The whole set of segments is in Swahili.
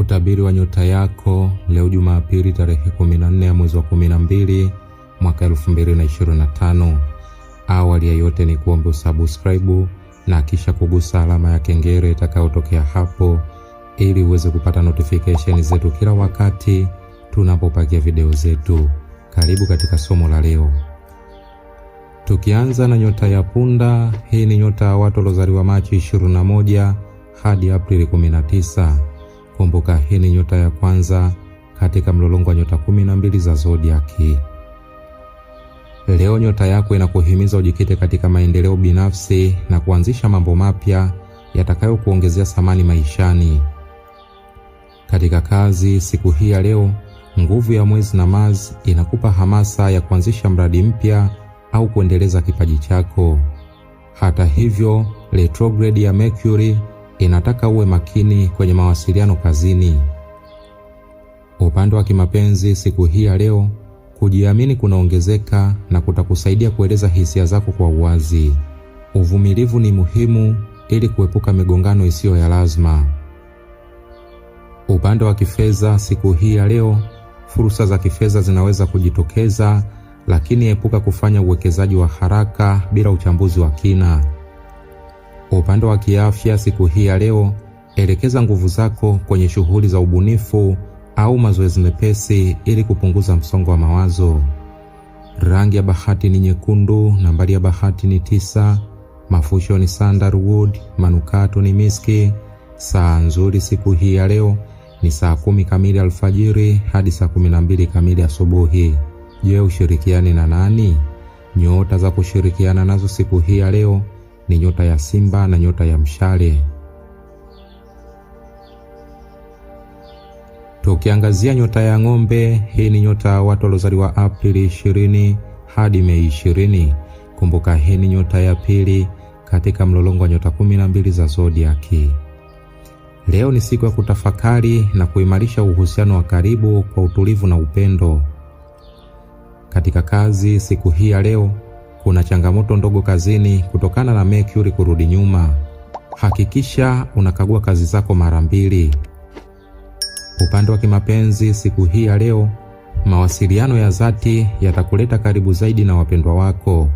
Utabiri wa nyota yako leo Jumapili tarehe 14 ya mwezi wa 12 mwaka 2025. Awali ya yote ni kuombe usubscribe na kisha kugusa alama ya kengele itakayotokea hapo ili uweze kupata notification zetu kila wakati tunapopakia video zetu. Karibu katika somo la leo. Tukianza na nyota ya punda, hii ni nyota ya watu waliozaliwa Machi 21 hadi Aprili 19. Kumbuka hii ni nyota ya kwanza katika mlolongo wa nyota kumi na mbili za zodiaki. Leo nyota yako inakuhimiza ujikite katika maendeleo binafsi na kuanzisha mambo mapya yatakayokuongezea thamani maishani. Katika kazi siku hii ya leo, nguvu ya mwezi na Mars inakupa hamasa ya kuanzisha mradi mpya au kuendeleza kipaji chako. Hata hivyo, retrograde ya Mercury inataka uwe makini kwenye mawasiliano kazini. Upande wa kimapenzi siku hii ya leo, kujiamini kunaongezeka na kutakusaidia kueleza hisia zako kwa uwazi. Uvumilivu ni muhimu ili kuepuka migongano isiyo ya lazima. Upande wa kifedha siku hii ya leo, fursa za kifedha zinaweza kujitokeza, lakini epuka kufanya uwekezaji wa haraka bila uchambuzi wa kina. Kwa upande wa kiafya, siku hii ya leo, elekeza nguvu zako kwenye shughuli za ubunifu au mazoezi mepesi ili kupunguza msongo wa mawazo. Rangi ya bahati ni nyekundu. Nambari ya bahati ni tisa. Mafusho ni sandalwood. Manukato ni miski. Saa nzuri siku hii ya leo ni saa kumi kamili alfajiri hadi saa kumi na mbili kamili asubuhi. Je, ushirikiani na nani? Nyota za kushirikiana nazo siku hii ya leo ni nyota ya Simba na nyota ya Mshale. Tukiangazia nyota ya Ng'ombe, hii ni nyota ya watu waliozaliwa Aprili 20 hadi Mei 20. Kumbuka, hii ni nyota ya pili katika mlolongo wa nyota 12 za zodiaki. Leo ni siku ya kutafakari na kuimarisha uhusiano wa karibu kwa utulivu na upendo. Katika kazi siku hii ya leo kuna changamoto ndogo kazini kutokana na Mercury kurudi nyuma. Hakikisha unakagua kazi zako mara mbili. Upande wa kimapenzi, siku hii ya leo, mawasiliano ya dhati yatakuleta karibu zaidi na wapendwa wako.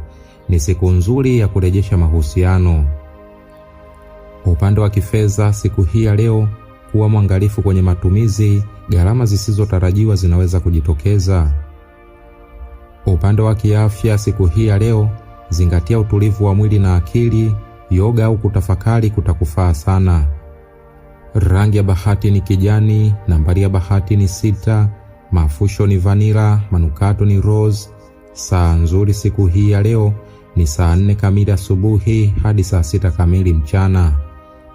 Ni siku nzuri ya kurejesha mahusiano. Upande wa kifedha, siku hii ya leo, kuwa mwangalifu kwenye matumizi. Gharama zisizotarajiwa zinaweza kujitokeza. Upande wa kiafya siku hii ya leo, zingatia utulivu wa mwili na akili. Yoga au kutafakari kutakufaa sana. Rangi ya bahati ni kijani. Nambari ya bahati ni sita. Mafusho ni vanila. Manukato ni rose. Saa nzuri siku hii ya leo ni saa nne kamili asubuhi hadi saa sita kamili mchana.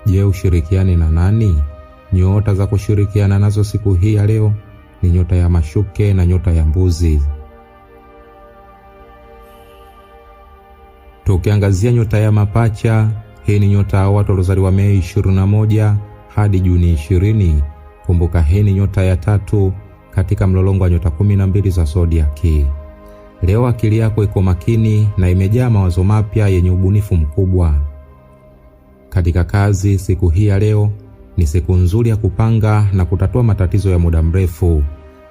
Je, ushirikiane na nani? Nyota za kushirikiana nazo siku hii ya leo ni nyota ya mashuke na nyota ya mbuzi. Tukiangazia nyota ya mapacha, hii ni nyota ya watu waliozaliwa Mei 21 hadi Juni 20. Kumbuka hii ni nyota ya tatu katika mlolongo wa nyota 12 za zodiaki. Leo akili yako iko makini na imejaa mawazo mapya yenye ubunifu mkubwa. Katika kazi, siku hii ya leo ni siku nzuri ya kupanga na kutatua matatizo ya muda mrefu,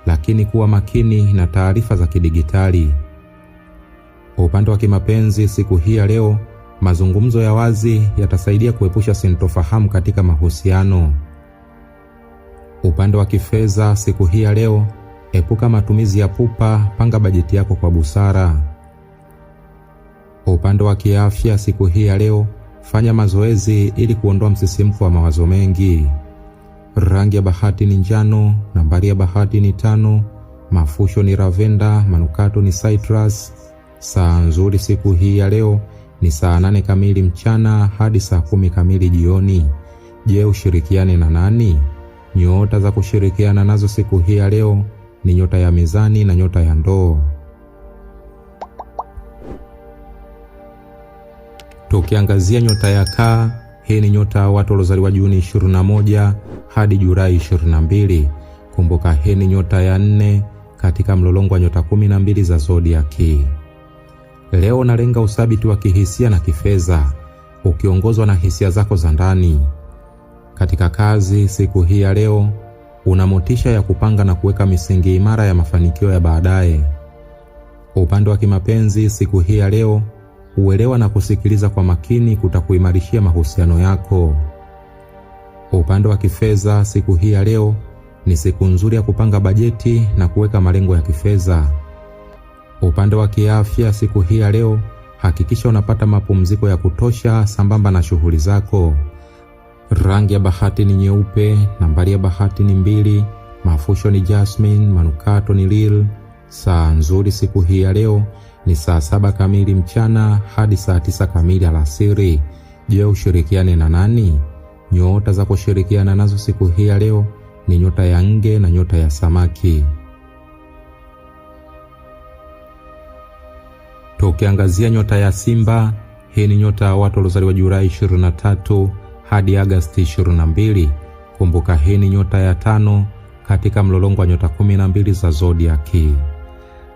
lakini kuwa makini na taarifa za kidigitali. Kwa upande wa kimapenzi, siku hii ya leo, mazungumzo ya wazi yatasaidia kuepusha sintofahamu katika mahusiano. Upande wa kifedha, siku hii ya leo, epuka matumizi ya pupa, panga bajeti yako kwa busara. Kwa upande wa kiafya, siku hii ya leo, fanya mazoezi ili kuondoa msisimko wa mawazo mengi. Rangi ya bahati ni njano, nambari ya bahati ni tano, mafusho ni ravenda, manukato ni citrus. Saa nzuri siku hii ya leo ni saa nane kamili mchana hadi saa kumi kamili jioni. Je, ushirikiane na nani? Nyota za kushirikiana nazo siku hii ya leo ni nyota ya mizani na nyota ya ndoo. Tukiangazia nyota ya kaa, hii ni nyota ya watu waliozaliwa Juni 21 hadi Julai 22. Kumbuka, hii ni nyota ya nne katika mlolongo wa nyota 12 za zodiaki. Leo unalenga uthabiti wa kihisia na kifedha ukiongozwa na hisia zako za ndani. Katika kazi siku hii ya leo, una motisha ya kupanga na kuweka misingi imara ya mafanikio ya baadaye. Upande wa kimapenzi siku hii ya leo, uelewa na kusikiliza kwa makini kutakuimarishia mahusiano yako. Upande wa kifedha siku hii ya leo, ni siku nzuri ya kupanga bajeti na kuweka malengo ya kifedha. Upande wa kiafya siku hii ya leo, hakikisha unapata mapumziko ya kutosha sambamba na shughuli zako. Rangi ya bahati ni nyeupe, nambari ya bahati ni mbili, mafusho ni jasmine, manukato ni lil. Saa nzuri siku hii ya leo ni saa saba kamili mchana hadi saa tisa kamili alasiri. Je, ushirikiane na nani? Nyota za kushirikiana nazo siku hii ya leo ni nyota ya nge na nyota ya samaki. Ukiangazia nyota ya Simba, hii ni nyota ya watu waliozaliwa Julai 23 hadi Agasti 22. Kumbuka, hii ni nyota ya tano katika mlolongo wa nyota 12 za zodiaki.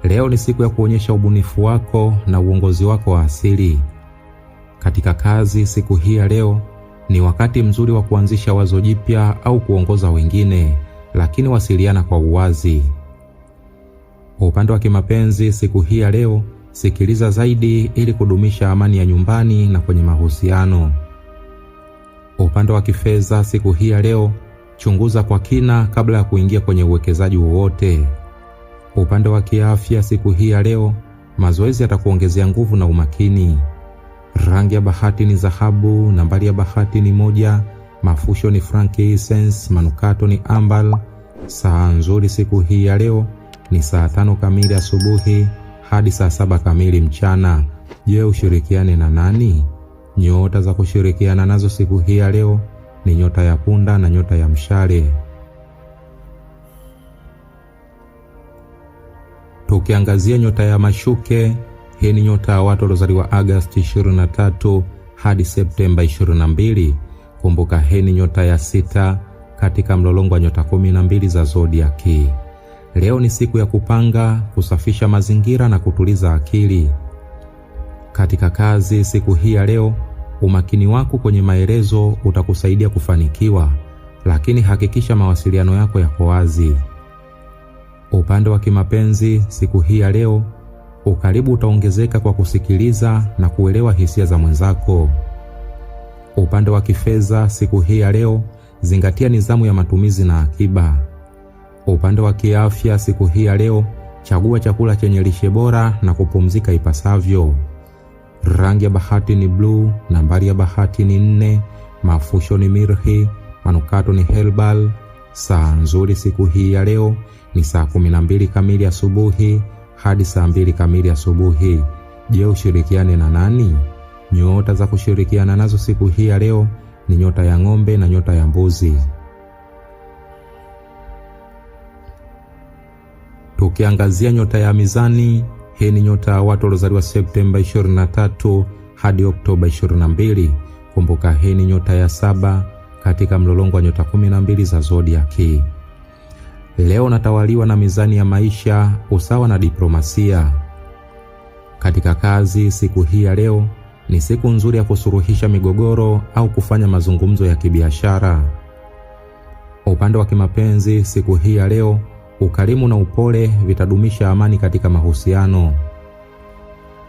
Leo ni siku ya kuonyesha ubunifu wako na uongozi wako wa asili katika kazi. Siku hii ya leo ni wakati mzuri wa kuanzisha wazo jipya au kuongoza wengine, lakini wasiliana kwa uwazi. Upande wa kimapenzi, siku hii ya leo Sikiliza zaidi ili kudumisha amani ya nyumbani na kwenye mahusiano. Upande wa kifedha siku hii ya leo, chunguza kwa kina kabla ya kuingia kwenye uwekezaji wowote. Upande wa kiafya siku hii ya leo, mazoezi yatakuongezea nguvu na umakini. Rangi ya bahati ni dhahabu, nambari ya bahati ni moja, mafusho ni frankincense, manukato ni ambal. Saa nzuri siku hii ya leo ni saa tano kamili asubuhi hadi saa saba kamili mchana. Je, ushirikiane na nani? Nyota za kushirikiana nazo siku hii ya leo ni nyota ya punda na nyota ya mshale. Tukiangazia nyota ya mashuke, hii ni nyota ya watu waliozaliwa Agosti 23 hadi Septemba 22. Kumbuka, hii ni nyota ya sita katika mlolongo wa nyota 12 za zodiaki. Leo ni siku ya kupanga, kusafisha mazingira na kutuliza akili. Katika kazi siku hii ya leo, umakini wako kwenye maelezo utakusaidia kufanikiwa, lakini hakikisha mawasiliano yako yako wazi. Upande wa kimapenzi siku hii ya leo, ukaribu utaongezeka kwa kusikiliza na kuelewa hisia za mwenzako. Upande wa kifedha siku hii ya leo, zingatia nidhamu ya matumizi na akiba. Kwa upande wa kiafya, siku hii ya leo, chagua chakula chenye lishe bora na kupumzika ipasavyo. Rangi ya bahati ni bluu, nambari ya bahati ni nne, mafusho ni mirhi, manukato ni helbal. Saa nzuri siku hii ya leo ni saa mbili kamili asubuhi hadi saa mbili kamili asubuhi. Je, ushirikiane na nani? Nyota za kushirikiana nazo siku hii ya leo ni nyota ya ng'ombe na nyota ya mbuzi. Tukiangazia nyota ya mizani, hii ni nyota ya watu waliozaliwa Septemba 23 hadi Oktoba 22. Kumbuka hii ni nyota ya saba katika mlolongo wa nyota 12 za zodiaki. Leo natawaliwa na mizani ya maisha, usawa na diplomasia. Katika kazi, siku hii ya leo ni siku nzuri ya kusuluhisha migogoro au kufanya mazungumzo ya kibiashara. Upande wa kimapenzi, siku hii ya leo Ukarimu na upole vitadumisha amani katika mahusiano.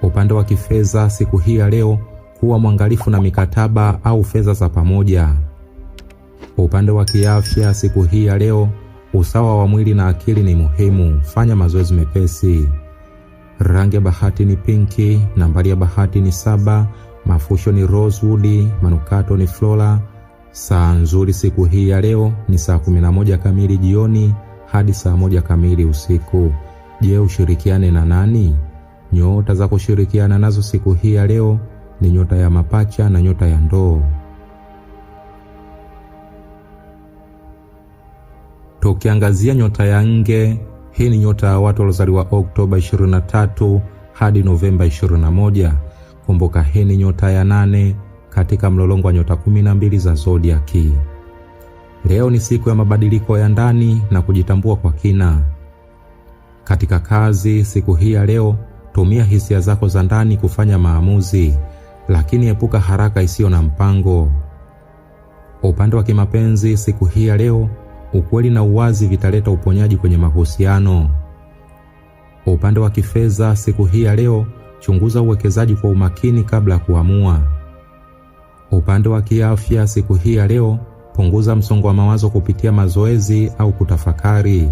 Upande wa kifedha siku hii ya leo, kuwa mwangalifu na mikataba au fedha za pamoja. Upande wa kiafya siku hii ya leo, usawa wa mwili na akili ni muhimu. Fanya mazoezi mepesi. Rangi ya bahati ni pinki. Nambari ya bahati ni saba. Mafusho ni rosewood. Manukato ni flora. Saa nzuri siku hii ya leo ni saa 11 kamili jioni hadi saa moja kamili usiku. Je, ushirikiane na nani? Nyota za kushirikiana nazo siku hii ya leo ni nyota ya mapacha na nyota ya ndoo. Tukiangazia nyota ya nge, hii ni nyota ya watu waliozaliwa Oktoba 23 hadi Novemba 21. Kumbuka, hii ni nyota ya nane katika mlolongo wa nyota 12 za zodiaki. Leo ni siku ya mabadiliko ya ndani na kujitambua kwa kina. Katika kazi, siku hii ya leo, tumia hisia zako za ndani kufanya maamuzi, lakini epuka haraka isiyo na mpango. Upande wa kimapenzi, siku hii ya leo, ukweli na uwazi vitaleta uponyaji kwenye mahusiano. Upande wa kifedha, siku hii ya leo, chunguza uwekezaji kwa umakini kabla ya kuamua. Upande wa kiafya, siku hii ya leo, Punguza msongo wa mawazo kupitia mazoezi au kutafakari.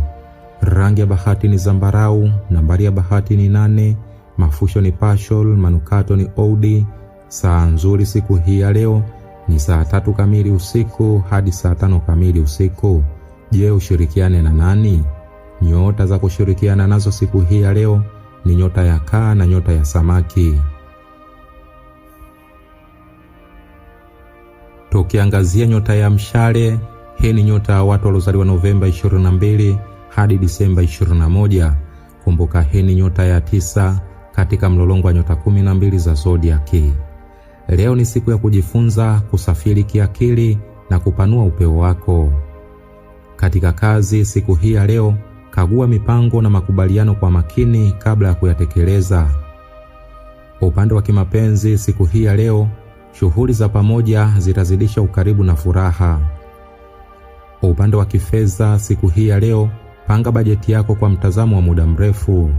Rangi ya bahati ni zambarau. Nambari ya bahati ni nane. Mafusho ni pashol. Manukato ni oudi. Saa nzuri siku hii ya leo ni saa tatu kamili usiku hadi saa tano kamili usiku. Je, ushirikiane na nani? Nyota za kushirikiana nazo siku hii ya leo ni nyota ya kaa na nyota ya samaki. tukiangazia nyota ya mshale. Hii ni nyota ya watu waliozaliwa Novemba 22 hadi Disemba 21. Kumbuka, hii ni nyota ya tisa katika mlolongo wa nyota 12 za zodiaki. Leo ni siku ya kujifunza kusafiri kiakili na kupanua upeo wako katika kazi. Siku hii ya leo, kagua mipango na makubaliano kwa makini kabla ya kuyatekeleza. Upande wa kimapenzi, siku hii ya leo Shughuli za pamoja zitazidisha ukaribu na furaha. Kwa upande wa kifedha, siku hii ya leo, panga bajeti yako kwa mtazamo wa muda mrefu.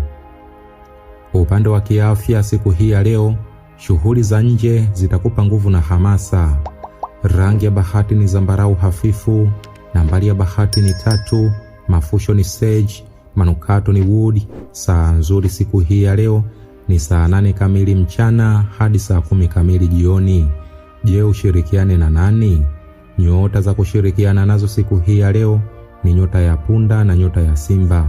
Kwa upande wa kiafya, siku hii ya leo, shughuli za nje zitakupa nguvu na hamasa. Rangi ya bahati ni zambarau hafifu. Nambari ya bahati ni tatu. Mafusho ni sage. Manukato ni wood. Saa nzuri siku hii ya leo ni saa nane kamili mchana hadi saa kumi kamili jioni. Je, ushirikiane na nani? Nyota za kushirikiana nazo siku hii ya leo ni nyota ya punda na nyota ya simba.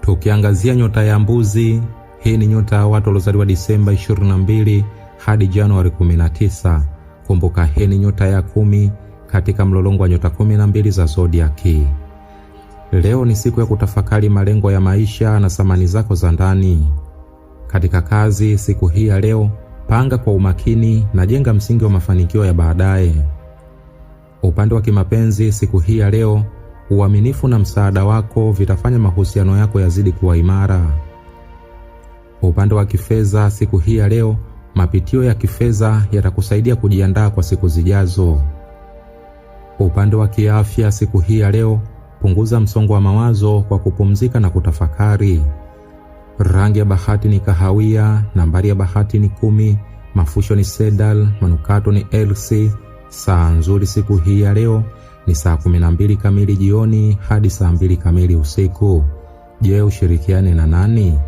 Tukiangazia nyota ya mbuzi, hii ni nyota ya watu waliozaliwa Disemba 22 hadi Januari 19. Kumbuka, hii ni nyota ya kumi katika mlolongo wa nyota 12 za zodiaki. Leo ni siku ya kutafakari malengo ya maisha na samani zako za ndani. Katika kazi siku hii ya leo, panga kwa umakini na jenga msingi wa mafanikio ya baadaye. Upande wa kimapenzi siku hii ya leo, uaminifu na msaada wako vitafanya mahusiano yako yazidi kuwa imara. Upande wa kifedha siku hii ya leo, mapitio ya kifedha yatakusaidia kujiandaa kwa siku zijazo. Upande wa kiafya siku hii ya leo, kupunguza msongo wa mawazo kwa kupumzika na kutafakari. Rangi ya bahati ni kahawia, nambari ya bahati ni kumi, mafusho ni sedal, manukato ni LC. Saa nzuri siku hii ya leo ni saa 12 kamili jioni hadi saa 2 kamili usiku. Je, ushirikiane na nani?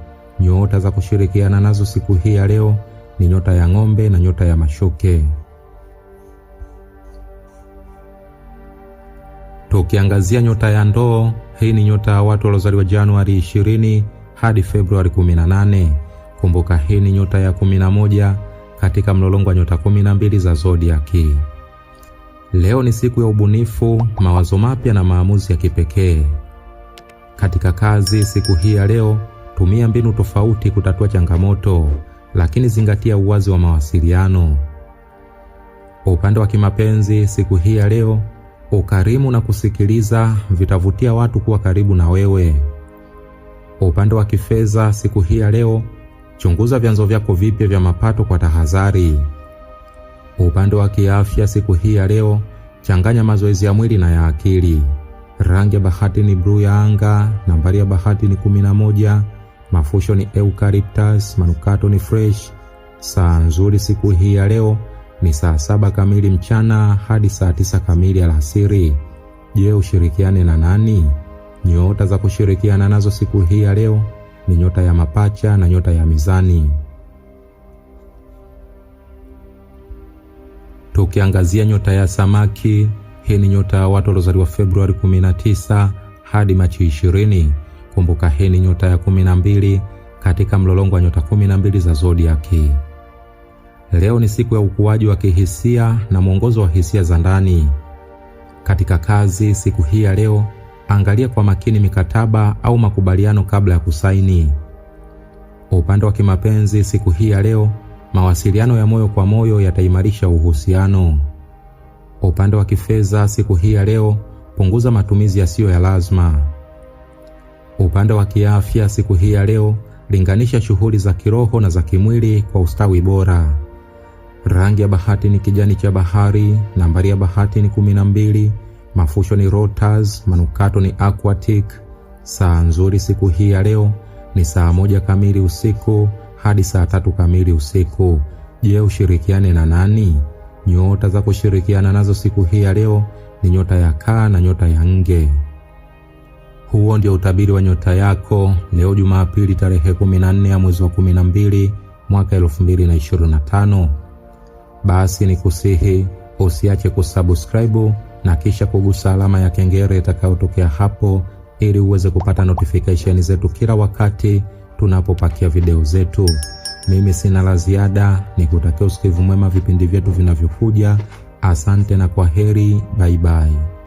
Nyota za kushirikiana nazo siku hii ya leo ni nyota ya ng'ombe na nyota ya mashuke. Tukiangazia nyota ya ndoo, hii ni nyota ya watu waliozaliwa Januari 20 hadi Februari 18. Kumbuka hii ni nyota ya 11 katika mlolongo wa nyota 12 za zodiaki. Leo ni siku ya ubunifu, mawazo mapya na maamuzi ya kipekee. Katika kazi siku hii ya leo, tumia mbinu tofauti kutatua changamoto, lakini zingatia uwazi wa mawasiliano. Kwa upande wa kimapenzi siku hii ya leo, Ukarimu na kusikiliza vitavutia watu kuwa karibu na wewe. Upande wa kifedha siku hii ya leo, chunguza vyanzo vyako vipya vya mapato kwa tahadhari. Upande wa kiafya siku hii ya leo, changanya mazoezi ya mwili na ya akili. Rangi ya bahati ni bluu ya anga. Nambari ya bahati ni moja Mafusho ni eucalyptus. Manukato ni fresh. Saa nzuri siku hii ya leo ni saa saba kamili mchana hadi saa tisa kamili alasiri. Je, ushirikiane na nani? Nyota za kushirikiana nazo siku hii ya leo ni nyota ya mapacha na nyota ya mizani. Tukiangazia nyota ya samaki, hii ni nyota ya watu waliozaliwa Februari 19 hadi Machi 20. Kumbuka, hii ni nyota ya 12 katika mlolongo wa nyota 12 za zodiaki. Leo ni siku ya ukuaji wa kihisia na mwongozo wa hisia za ndani. Katika kazi, siku hii ya leo, angalia kwa makini mikataba au makubaliano kabla ya kusaini. Upande wa kimapenzi, siku hii ya leo, mawasiliano ya moyo kwa moyo yataimarisha uhusiano. Upande wa kifedha, siku hii ya leo, punguza matumizi yasiyo ya lazima. Upande wa kiafya, siku hii ya leo, linganisha shughuli za kiroho na za kimwili kwa ustawi bora. Rangi ya bahati ni kijani cha bahari. Nambari ya bahati ni kumi na mbili. Mafusho ni Rotas, manukato ni Aquatic. Saa nzuri siku hii ya leo ni saa moja kamili usiku hadi saa tatu kamili usiku. Je, ushirikiane na nani? Nyota za kushirikiana nazo siku hii ya leo ni nyota ya kaa na nyota ya nge. Huo ndio utabiri wa nyota yako leo Jumapili tarehe 14 ya mwezi wa 12 mwaka 2025 basi ni kusihi usiache kusubscribe na kisha kugusa alama ya kengele itakayotokea hapo, ili uweze kupata notification zetu kila wakati tunapopakia video zetu. Mimi sina la ziada, nikutakia usikivu mwema vipindi vyetu vinavyokuja. Asante na kwa heri, baibai.